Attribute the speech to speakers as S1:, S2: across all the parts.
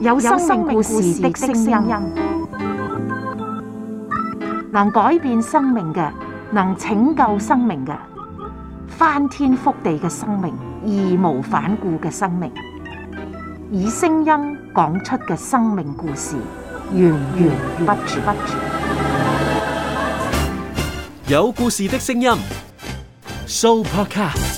S1: 有生命故事的聲音，能改變生命嘅，能拯救生命嘅，翻天覆地嘅生命，義無反顧嘅生命，以聲音講出嘅生命故事，源源不絕。有故事的聲音，Soupercast。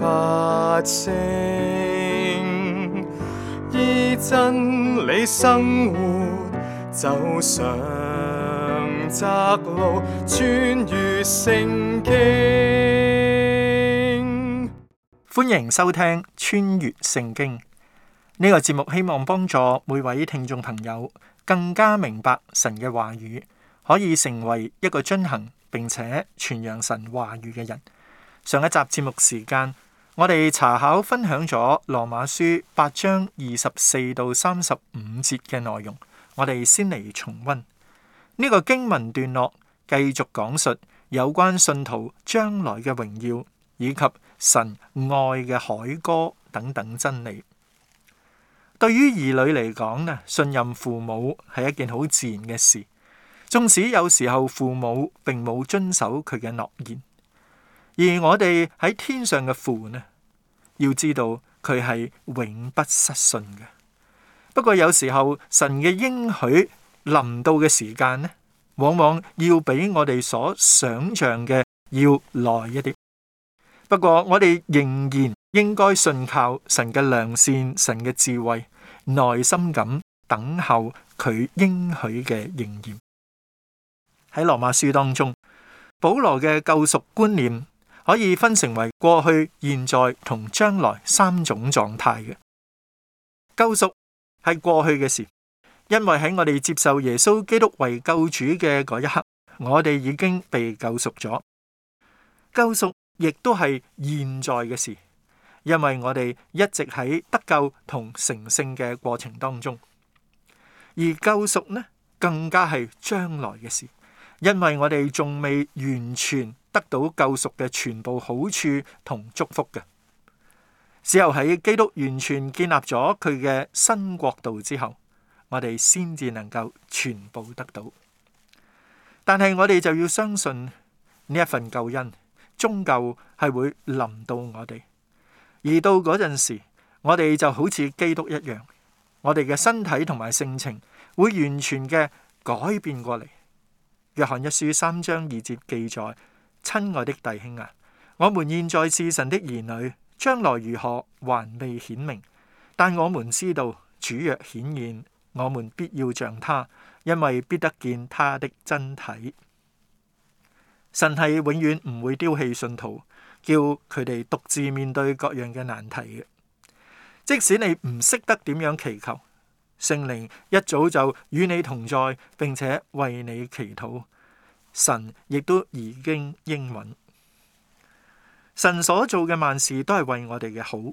S1: 發聲依真理生活，走上窄路，穿越聖經。歡迎收聽《穿越聖經》呢，這個節目，希望幫助每位聽眾朋友更加明白神嘅話語，可以成為一個遵行，並且傳揚神話語嘅人。上一集節目時間。我哋查考分享咗羅馬書八章二十四到三十五節嘅內容，我哋先嚟重溫呢個經文段落，繼續講述有關信徒將來嘅榮耀以及神愛嘅海歌等等真理。對於兒女嚟講，呢信任父母係一件好自然嘅事，縱使有時候父母並冇遵守佢嘅諾言。而我哋喺天上嘅父呢，要知道佢係永不失信嘅。不過有時候神嘅應許臨到嘅時間呢，往往要比我哋所想象嘅要耐一啲。不過我哋仍然應該信靠神嘅良善、神嘅智慧，耐心咁等候佢應許嘅應驗。喺羅馬書當中，保羅嘅救贖觀念。可以分成為過去、現在同將來三種狀態嘅。救贖係過去嘅事，因為喺我哋接受耶穌基督為救主嘅嗰一刻，我哋已經被救贖咗。救贖亦都係現在嘅事，因為我哋一直喺得救同成聖嘅過程當中。而救贖呢，更加係將來嘅事，因為我哋仲未完全。得到救贖嘅全部好處同祝福嘅，只有喺基督完全建立咗佢嘅新國度之後，我哋先至能夠全部得到。但係我哋就要相信呢一份救恩終究係會臨到我哋，而到嗰陣時，我哋就好似基督一樣，我哋嘅身體同埋性情會完全嘅改變過嚟。約翰一書三章二節記載。親愛的弟兄啊，我們現在是神的兒女，將來如何還未顯明，但我們知道主若顯現，我們必要像他，因為必得見他的真體。神係永遠唔會丟棄信徒，叫佢哋獨自面對各樣嘅難題嘅。即使你唔識得點樣祈求，聖靈一早就與你同在，並且為你祈禱。神亦都已經應允，神所做嘅萬事都係為我哋嘅好，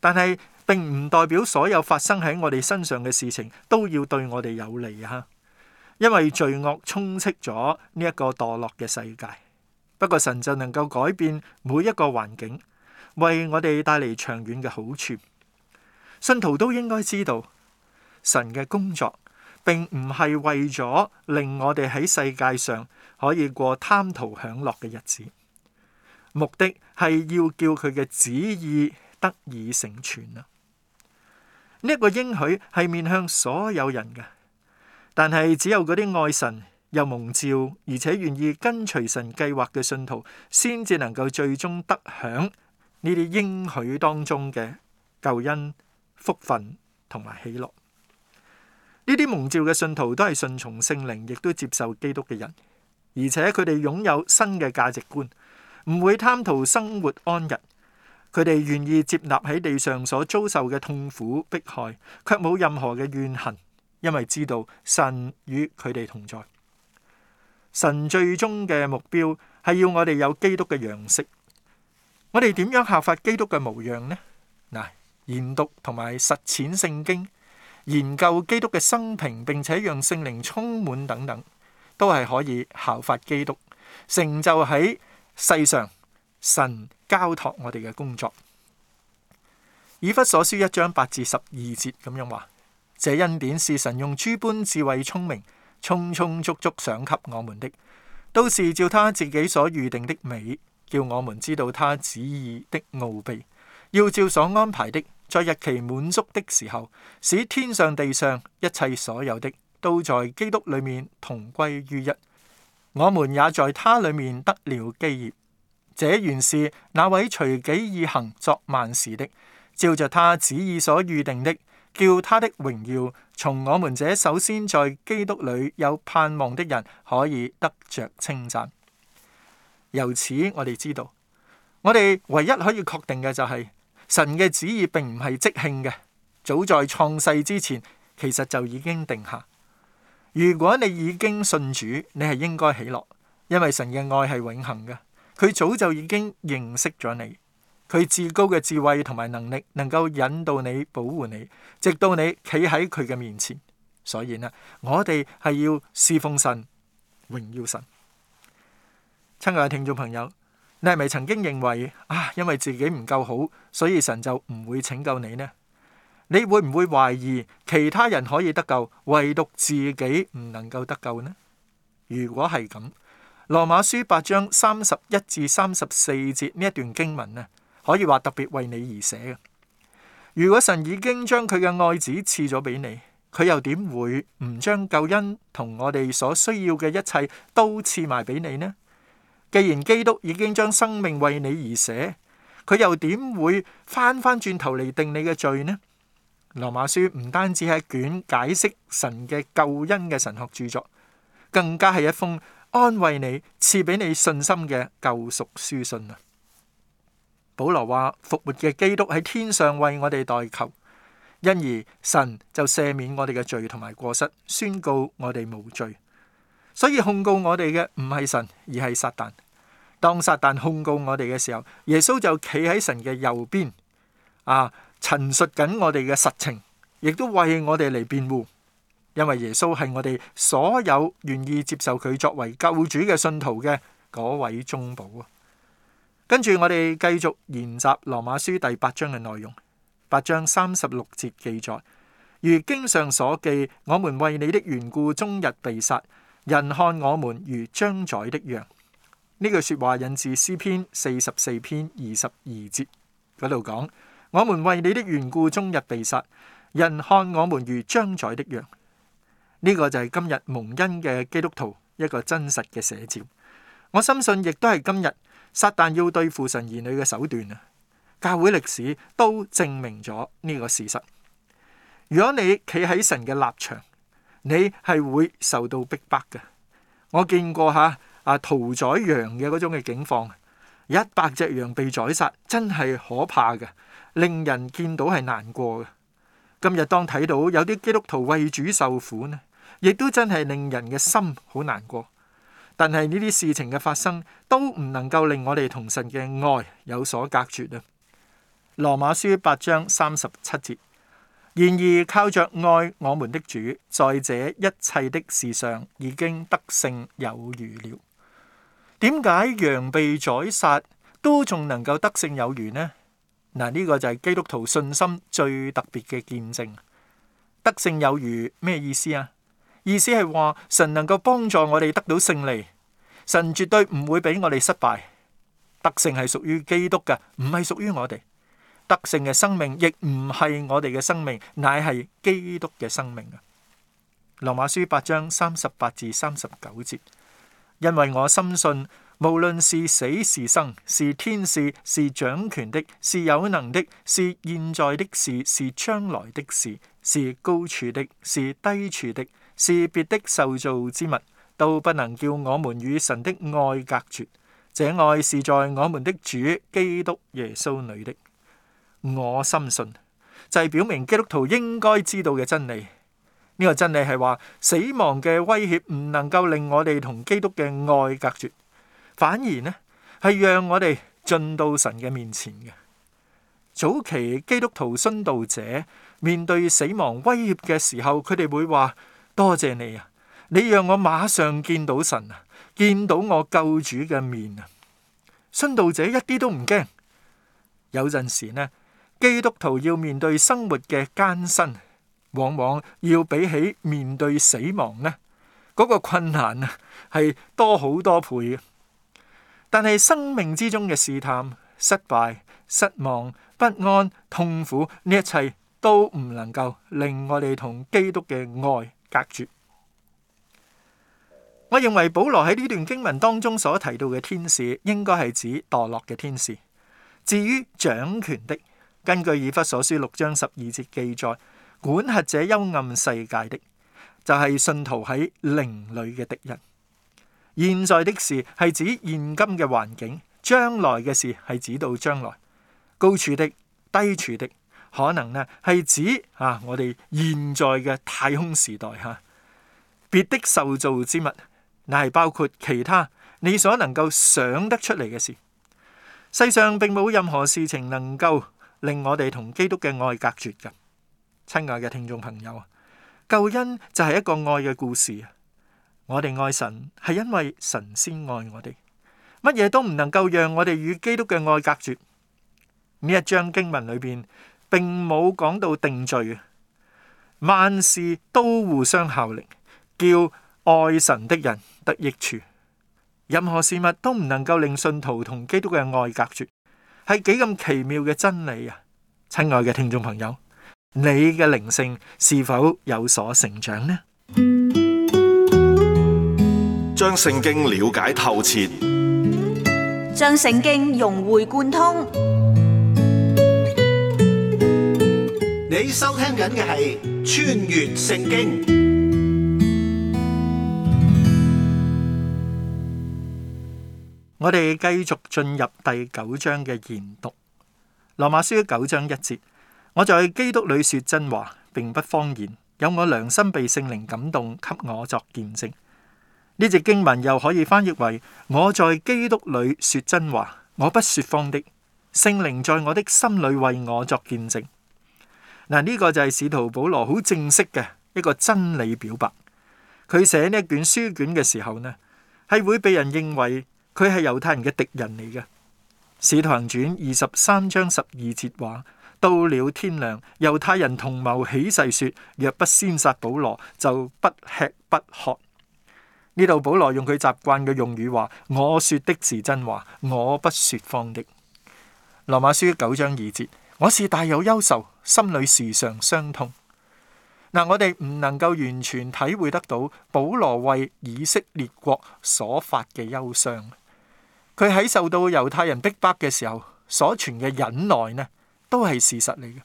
S1: 但係並唔代表所有發生喺我哋身上嘅事情都要對我哋有利啊，因為罪惡充斥咗呢一個墮落嘅世界。不過神就能夠改變每一個環境，為我哋帶嚟長遠嘅好處。信徒都應該知道神嘅工作。並唔係為咗令我哋喺世界上可以過貪圖享樂嘅日子，目的係要叫佢嘅旨意得以成全啊！呢一個應許係面向所有人嘅，但係只有嗰啲愛神又蒙召，而且願意跟隨神計劃嘅信徒，先至能夠最終得享呢啲應許當中嘅救恩、福分同埋喜樂。呢啲蒙召嘅信徒都係順從聖靈，亦都接受基督嘅人，而且佢哋擁有新嘅價值觀，唔會貪圖生活安逸。佢哋願意接納喺地上所遭受嘅痛苦迫害，卻冇任何嘅怨恨，因為知道神與佢哋同在。神最終嘅目標係要我哋有基督嘅樣式。我哋點樣效法基督嘅模樣呢？嗱，研讀同埋實踐聖經。研究基督嘅生平，並且讓聖靈充滿等等，都係可以效法基督成就喺世上。神交託我哋嘅工作，以弗所書一章八至十二節咁樣話，這恩典是神用諸般智慧聰明，充充足足賞給我們的，都是照他自己所預定的美，叫我們知道他旨意的奧秘，要照所安排的。在日期滿足的時候，使天上地上一切所有的都在基督裏面同歸於一。我們也在他裏面得了基業。這原是那位隨己意行作萬事的，照着他旨意所預定的，叫他的榮耀從我們這首先在基督裏有盼望的人可以得着稱讚。由此我哋知道，我哋唯一可以確定嘅就係、是。神嘅旨意並唔係即興嘅，早在創世之前，其實就已經定下。如果你已經信主，你係應該喜樂，因為神嘅愛係永恆嘅，佢早就已經認識咗你。佢至高嘅智慧同埋能力，能夠引導你、保護你，直到你企喺佢嘅面前。所以呢，我哋係要侍奉神，榮耀神。親愛嘅聽眾朋友。你係咪曾經認為啊，因為自己唔夠好，所以神就唔會拯救你呢？你會唔會懷疑其他人可以得救，唯獨自己唔能夠得救呢？如果係咁，《羅馬書》八章三十一至三十四節呢一段經文呢，可以話特別為你而寫嘅。如果神已經將佢嘅愛子賜咗俾你，佢又點會唔將救恩同我哋所需要嘅一切都賜埋俾你呢？既然基督已經將生命為你而寫，佢又點會翻翻轉頭嚟，定你嘅罪呢？羅馬書唔單止係一卷解釋神嘅救恩嘅神學著作，更加係一封安慰你、賜俾你信心嘅救贖書信啊！保羅話復活嘅基督喺天上為我哋代求，因而神就赦免我哋嘅罪同埋過失，宣告我哋無罪。所以控告我哋嘅唔係神，而係撒但。當撒旦控告我哋嘅時候，耶穌就企喺神嘅右邊，啊，陳述緊我哋嘅實情，亦都為我哋嚟辯護。因為耶穌係我哋所有願意接受佢作為救主嘅信徒嘅嗰位中保啊。跟住我哋繼續研習羅馬書第八章嘅內容，八章三十六節記載，如經上所記，我們為你的緣故，終日被殺，人看我們如將宰的羊。呢句說話引自詩篇四十四篇二十二節。嗰度講，我們為你的緣故終日被殺，人看我們如將宰的羊。呢、這個就係今日蒙恩嘅基督徒一個真實嘅寫照。我深信亦都係今日撒旦要對付神兒女嘅手段啊！教會歷史都證明咗呢個事實。如果你企喺神嘅立場，你係會受到逼迫嘅。我見過吓。啊！屠宰羊嘅嗰種嘅境況，一百隻羊被宰殺，真係可怕嘅，令人見到係難過嘅。今日當睇到有啲基督徒為主受苦呢，亦都真係令人嘅心好難過。但係呢啲事情嘅發生都唔能夠令我哋同神嘅愛有所隔絕啊！羅馬書八章三十七節，然而靠著愛我們的主，在這一切的事上已經得勝有餘了。點解羊被宰殺都仲能夠得勝有餘呢？嗱，呢個就係基督徒信心最特別嘅見證。得勝有餘咩意思啊？意思係話神能夠幫助我哋得到勝利，神絕對唔會俾我哋失敗。得勝係屬於基督嘅，唔係屬於我哋。得勝嘅生命亦唔係我哋嘅生命，乃係基督嘅生命啊！羅馬書八章三十八至三十九節。因為我深信，無論是死是生，是天使，是掌權的，是有能的，是現在的事，是將來的事，是高處的，是低處的，是別的受造之物，都不能叫我們與神的愛隔絕。這愛是在我們的主基督耶穌裏的。我深信，就係、是、表明基督徒應該知道嘅真理。呢個真理係話死亡嘅威脅唔能夠令我哋同基督嘅愛隔絕，反而呢係讓我哋進到神嘅面前嘅。早期基督徒殉道者面對死亡威脅嘅時候，佢哋會話：多謝你啊，你讓我馬上見到神啊，見到我救主嘅面啊！殉道者一啲都唔驚。有陣時呢，基督徒要面對生活嘅艱辛。往往要比起面對死亡呢嗰、那個困難啊，係多好多倍。但係生命之中嘅試探、失敗、失望、不安、痛苦呢，一切都唔能夠令我哋同基督嘅愛隔絕。我認為保羅喺呢段經文當中所提到嘅天使，應該係指墮落嘅天使。至於掌權的，根據以弗所書六章十二節記載。管轄者幽暗世界的就係、是、信徒喺靈裡嘅敵人。現在的事係指現今嘅環境，將來嘅事係指到將來，高處的、低處的，可能呢，係指啊，我哋現在嘅太空時代吓。別、啊、的受造之物，乃係包括其他你所能夠想得出嚟嘅事。世上並冇任何事情能夠令我哋同基督嘅愛隔絕嘅。親愛嘅聽眾朋友啊，救恩就係一個愛嘅故事。我哋愛神，係因為神先愛我哋。乜嘢都唔能夠讓我哋與基督嘅愛隔絕。呢一章經文裏邊，並冇講到定罪啊。萬事都互相效力，叫愛神的人得益處。任何事物都唔能夠令信徒同基督嘅愛隔絕，係幾咁奇妙嘅真理啊！親愛嘅聽眾朋友。你嘅靈性是否有所成長呢？將聖經了解透徹，將聖經融會貫通。你收聽緊嘅係《穿越聖經》。我哋繼續進入第九章嘅研讀，《羅馬書》九章一節。我在基督裏說真話，並不謊言，有我良心被聖靈感動，給我作見證。呢隻經文又可以翻譯為：我在基督裏說真話，我不說謊的。聖靈在我的心裏為我作見證。嗱，呢個就係使徒保羅好正式嘅一個真理表白。佢寫呢一卷書卷嘅時候呢，係會被人認為佢係猶太人嘅敵人嚟嘅。使徒行傳二十三章十二節話。到了天亮，猶太人同謀起誓說：若不先殺保羅，就不吃不喝。呢度保羅用佢習慣嘅用語話：我說的是真話，我不說謊的。羅馬書九章二節：我是大有憂愁，心裏時常傷痛。嗱，我哋唔能夠完全體會得到保羅為以色列國所發嘅憂傷。佢喺受到猶太人逼迫嘅時候，所存嘅忍耐呢，都係事實嚟嘅。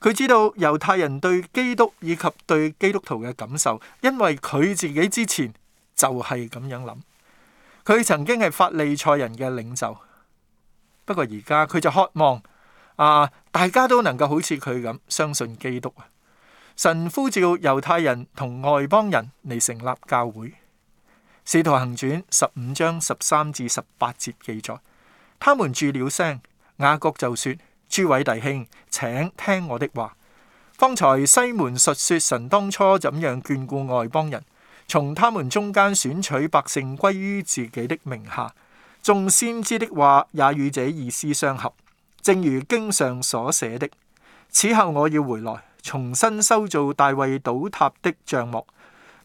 S1: 佢知道猶太人對基督以及對基督徒嘅感受，因為佢自己之前就係咁樣諗。佢曾經係法利賽人嘅領袖，不過而家佢就渴望啊，大家都能夠好似佢咁相信基督啊。神呼召猶太人同外邦人嚟成立教會，使徒行傳十五章十三至十八節記載，他們住了聲，雅各就說。諸位弟兄，請聽我的話。方才西門述說神當初怎樣眷顧外邦人，從他們中間選取百姓歸於自己的名下。眾先知的話也與這意思相合，正如經上所寫的。此後我要回來，重新修造大衛倒塌的帳幕，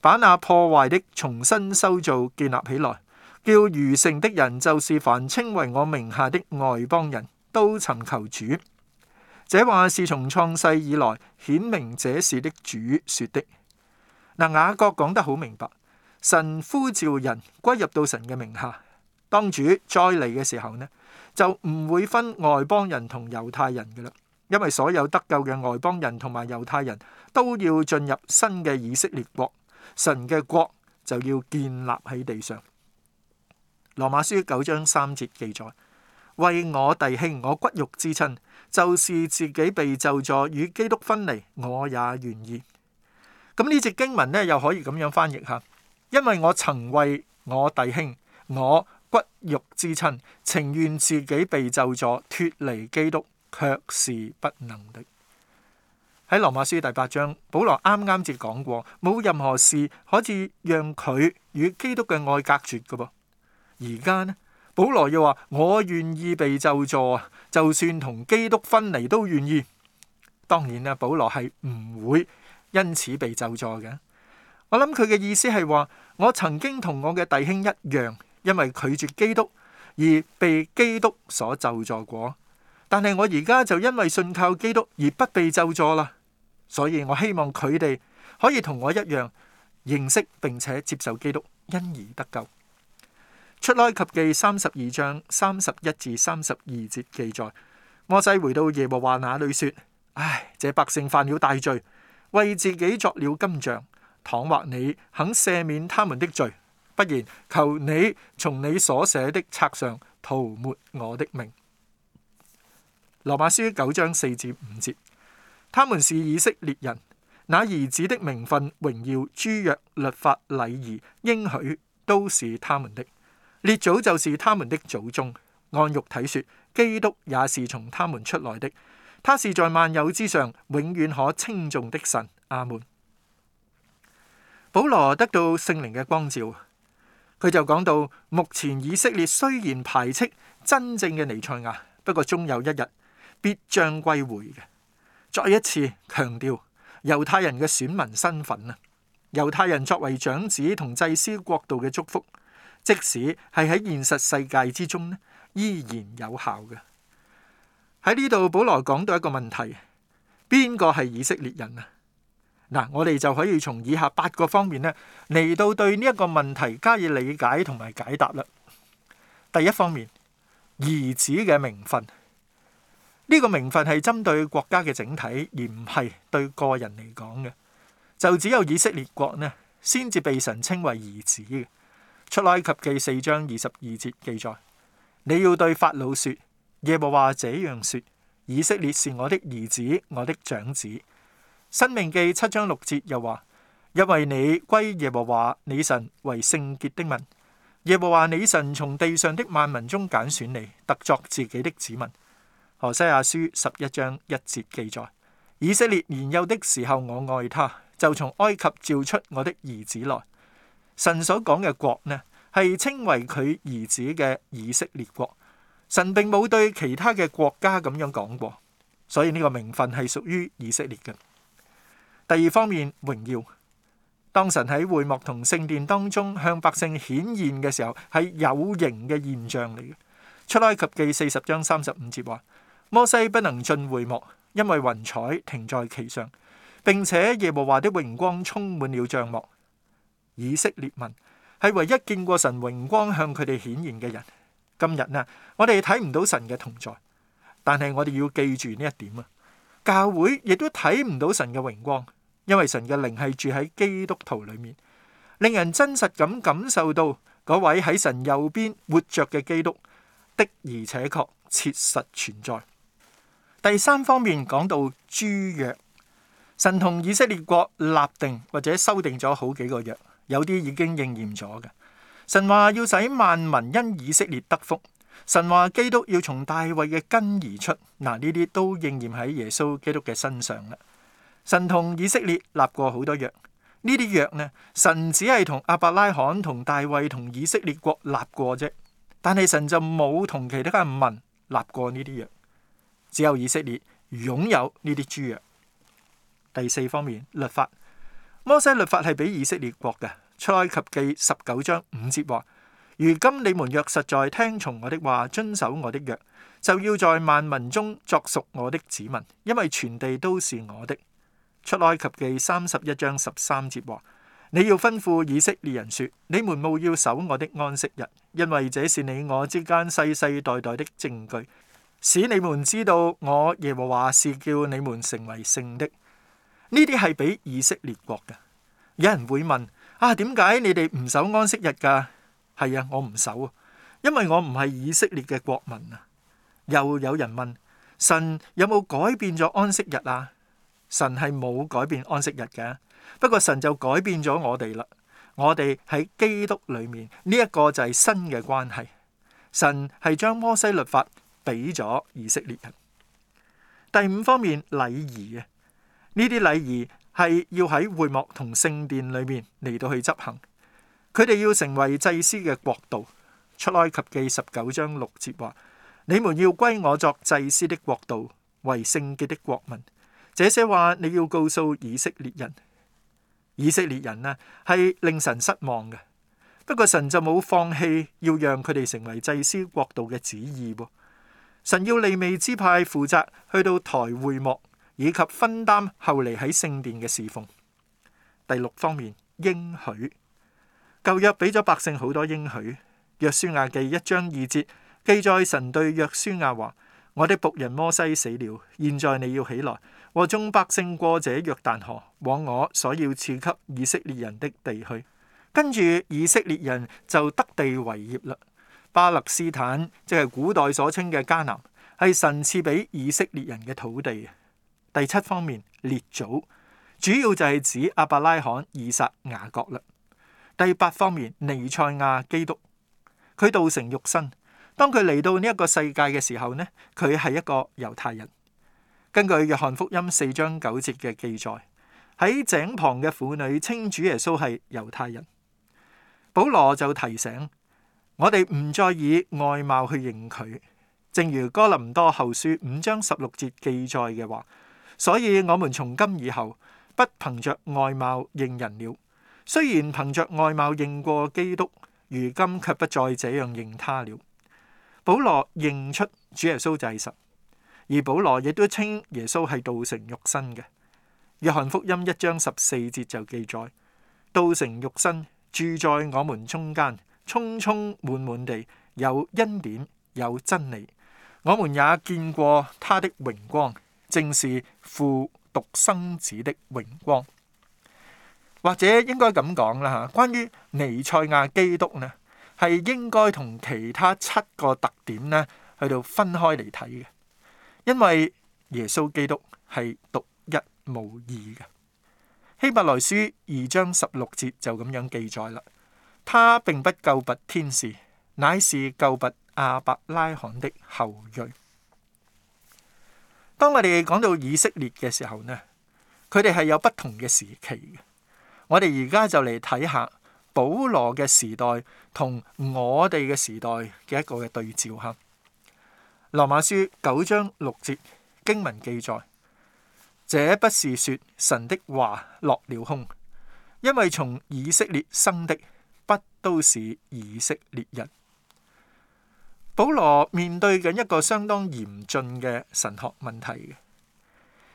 S1: 把那破壞的重新修造建立起來。叫餘剩的人，就是凡稱為我名下的外邦人。都尋求主，這話是從創世以來顯明這事的主說的。嗱，雅各講得好明白，神呼召人歸入到神嘅名下，當主再嚟嘅時候呢，就唔會分外邦人同猶太人嘅啦，因為所有得救嘅外邦人同埋猶太人都要進入新嘅以色列國，神嘅國就要建立喺地上。羅馬書九章三節記載。為我弟兄、我骨肉之親，就是自己被咒咗與基督分離，我也願意。咁呢節經文咧，又可以咁樣翻譯下：「因為我曾為我弟兄、我骨肉之親，情願自己被咒咗脱離基督，卻是不能的。」喺羅馬書第八章，保羅啱啱先講過，冇任何事可以讓佢與基督嘅愛隔絕噶噃。而家呢。保羅又話：我願意被咒詛，就算同基督分離都願意。當然咧，保羅係唔會因此被咒詛嘅。我諗佢嘅意思係話：我曾經同我嘅弟兄一樣，因為拒絕基督而被基督所咒詛過。但係我而家就因為信靠基督而不被咒詛啦。所以我希望佢哋可以同我一樣認識並且接受基督，因而得救。出埃及記三十二章三十一至三十二節記載：摩西回到耶和華那裏說：唉，這百姓犯了大罪，為自己作了金像。倘若你肯赦免他們的罪，不然求你從你所寫的冊上塗抹我的命。羅馬書九章四至五節：他們是以色列人，那兒子的名分、榮耀、諸約、律法、禮儀、應許都是他們的。列祖就是他們的祖宗，按肉體說，基督也是從他們出來的。他是在萬有之上永遠可稱頌的神。阿門。保羅得到聖靈嘅光照，佢就講到：目前以色列雖然排斥真正嘅彌賽亞，不過終有一日必將歸回嘅。再一次強調猶太人嘅選民身份啊！猶太人作為長子同祭司國度嘅祝福。即使係喺現實世界之中咧，依然有效嘅。喺呢度，保羅講到一個問題：邊個係以色列人啊？嗱，我哋就可以從以下八個方面咧，嚟到對呢一個問題加以理解同埋解答啦。第一方面，兒子嘅名分。呢個名分係針對國家嘅整體，而唔係對個人嚟講嘅。就只有以色列國呢，先至被神稱為兒子嘅。出埃及記四章二十二節記載：你要對法老說，耶和華這樣說：以色列是我的兒子，我的長子。申命記七章六節又話：因為你歸耶和華你神為聖潔的民，耶和華你神從地上的萬民中揀選你，特作自己的子民。何西阿書十一章一節記載：以色列年幼的時候，我愛他，就從埃及召出我的兒子來。神所講嘅國呢，係稱為佢兒子嘅以色列國。神並冇對其他嘅國家咁樣講過，所以呢個名分係屬於以色列嘅。第二方面，榮耀。當神喺會幕同聖殿當中向百姓顯現嘅時候，係有形嘅現象嚟嘅。出埃及記四十章三十五節話：摩西不能進會幕，因為雲彩停在其上，並且耶和華的榮光充滿了帳幕。以色列民係唯一見過神榮光向佢哋顯現嘅人。今日呢，我哋睇唔到神嘅同在，但係我哋要記住呢一點啊。教會亦都睇唔到神嘅榮光，因為神嘅靈係住喺基督徒裏面，令人真實咁感受到嗰位喺神右邊活着嘅基督的而且確切實存在。第三方面講到諸約，神同以色列國立定或者修訂咗好幾個約。有啲已經應驗咗嘅，神話要使萬民因以色列得福，神話基督要從大衛嘅根而出，嗱，呢啲都應驗喺耶穌基督嘅身上啦。神同以色列立過好多約，呢啲約呢，神只係同亞伯拉罕、同大衛、同以色列國立過啫，但係神就冇同其他嘅民立過呢啲約，只有以色列擁有呢啲諸約。第四方面，律法，摩西律法係俾以色列國嘅。出埃及記十九章五節話：如今你們若實在聽從我的話，遵守我的約，就要在萬民中作屬我的子民，因為全地都是我的。出埃及記三十一章十三節話：你要吩咐以色列人說：你們務要守我的安息日，因為這是你我之間世世代代的證據，使你們知道我耶和華是叫你們成為聖的。呢啲係俾以色列國嘅。有人會問。啊，點解你哋唔守安息日噶？係啊，我唔守啊，因為我唔係以色列嘅國民啊。又有人問：神有冇改變咗安息日啊？神係冇改變安息日嘅，不過神就改變咗我哋啦。我哋喺基督裏面呢一個、這個就係新嘅關係。神係將摩西律法俾咗以色列人。第五方面，禮儀啊，呢啲禮儀。係要喺會幕同聖殿裏面嚟到去執行，佢哋要成為祭司嘅國度。出埃及記十九章六節話：你們要歸我作祭司的國度，為聖潔的國民。這些話你要告訴以色列人。以色列人呢、啊、係令神失望嘅，不過神就冇放棄要讓佢哋成為祭司國度嘅旨意。神要利未支派負責去到台會幕。以及分擔後嚟，喺聖殿嘅侍奉。第六方面，應許。舊約俾咗百姓好多應許。約書亞記一章二節記載，神對約書亞話，我的僕人摩西死了，現在你要起來，和眾百姓過這約旦河，往我所要賜給以色列人的地去。跟住以色列人就得地為業啦。巴勒斯坦即係古代所稱嘅迦南，係神賜俾以色列人嘅土地。第七方面，列祖，主要就係指阿伯拉罕、以撒、雅各啦。第八方面，尼塞亞基督，佢道成肉身，當佢嚟到呢一個世界嘅時候呢，佢係一個猶太人。根據約翰福音四章九節嘅記載，喺井旁嘅婦女稱主耶穌係猶太人。保羅就提醒我哋唔再以外貌去認佢，正如哥林多後書五章十六節記載嘅話。所以，我們從今以後不憑着外貌認人了。雖然憑着外貌認過基督，如今卻不再這樣認他了。保羅認出主耶穌就係神，而保羅亦都稱耶穌係道成肉身嘅。約翰福音一章十四節就記載：道成肉身，住在我們中間，充充滿滿地有恩典有真理。我們也見過他的榮光。正是父獨生子的榮光，或者應該咁講啦吓。關於尼賽亞基督呢，係應該同其他七個特點呢，去到分開嚟睇嘅，因為耶穌基督係獨一無二嘅。希伯來書二章十六節就咁樣記載啦，他並不救拔天使，乃是救拔亞伯拉罕的後裔。當我哋講到以色列嘅時候呢，佢哋係有不同嘅時期嘅。我哋而家就嚟睇下保羅嘅時代同我哋嘅時代嘅一個嘅對照哈。羅馬書九章六節經文記載：這不是說神的話落了空，因為從以色列生的不都是以色列人。保羅面對緊一個相當嚴峻嘅神學問題嘅。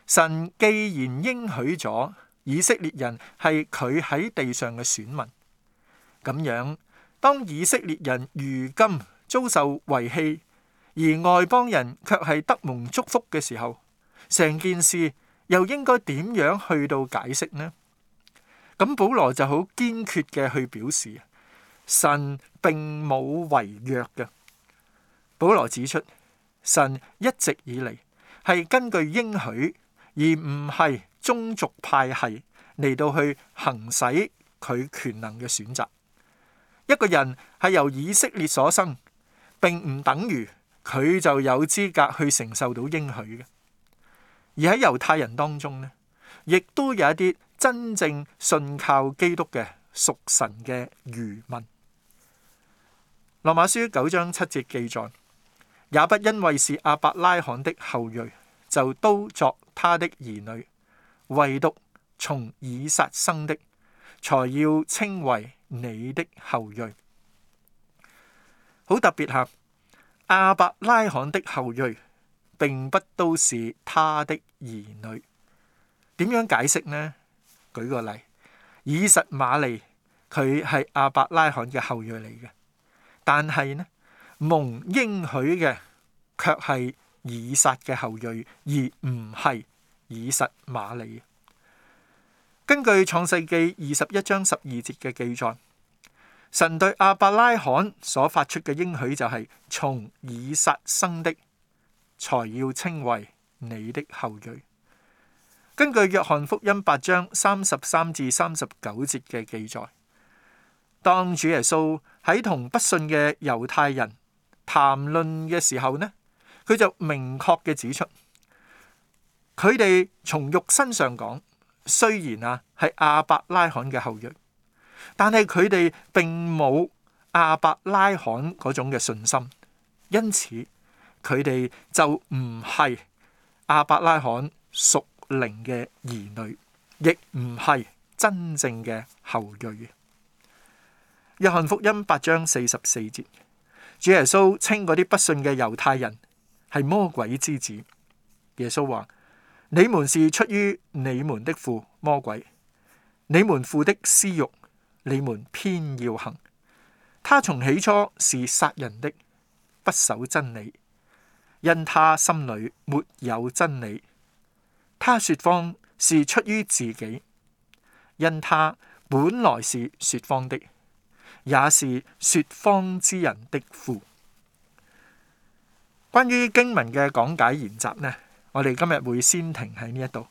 S1: 神既然應許咗以色列人係佢喺地上嘅選民，咁樣，當以色列人如今遭受遺棄，而外邦人卻係得蒙祝福嘅時候，成件事又應該點樣去到解釋呢？咁保羅就好堅決嘅去表示，神並冇違約嘅。保羅指出，神一直以嚟係根據應許，而唔係宗族派系嚟到去行使佢權能嘅選擇。一個人係由以色列所生，並唔等於佢就有資格去承受到應許嘅。而喺猶太人當中呢，亦都有一啲真正信靠基督嘅屬神嘅餘民。羅馬書九章七節記載。也不因為是阿伯拉罕的後裔，就都作他的兒女。唯獨從以撒生的，才要稱為你的後裔。好特別下，阿伯拉罕的後裔，並不都是他的兒女。點樣解釋呢？舉個例，以實瑪利佢係阿伯拉罕嘅後裔嚟嘅，但係呢？蒙應許嘅，卻係以撒嘅後裔，而唔係以實瑪利。根據創世記二十一章十二節嘅記載，神對阿伯拉罕所發出嘅應許就係、是：從以撒生的，才要稱謂你的後裔。根據約翰福音八章三十三至三十九節嘅記載，當主耶穌喺同不信嘅猶太人，談論嘅時候呢，佢就明確嘅指出，佢哋從肉身上講，雖然啊係亞伯拉罕嘅後裔，但係佢哋並冇亞伯拉罕嗰種嘅信心，因此佢哋就唔係亞伯拉罕屬靈嘅兒女，亦唔係真正嘅後裔。約翰福音八章四十四節。主耶穌稱嗰啲不信嘅猶太人係魔鬼之子。耶穌話：你們是出於你們的父魔鬼，你們父的私欲，你們偏要行。他從起初是殺人的，不守真理，因他心裏沒有真理。他說謊是出於自己，因他本來是說謊的。也是說謊之人的父。關於經文嘅講解研習呢，我哋今日會先停喺呢一度。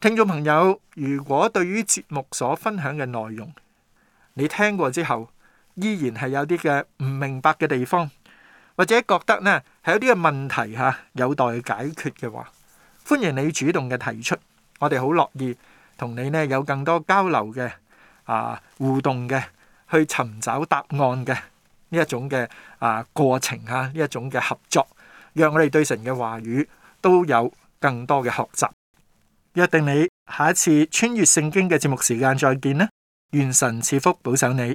S1: 聽眾朋友，如果對於節目所分享嘅內容，你聽過之後依然係有啲嘅唔明白嘅地方，或者覺得呢係有啲嘅問題吓，有待解決嘅話，歡迎你主動嘅提出，我哋好樂意同你呢有更多交流嘅啊互動嘅。去尋找答案嘅呢一種嘅啊過程啊，呢一種嘅合作，讓我哋對神嘅話語都有更多嘅學習。約定你下一次穿越聖經嘅節目時間再見啦！願神賜福保守你。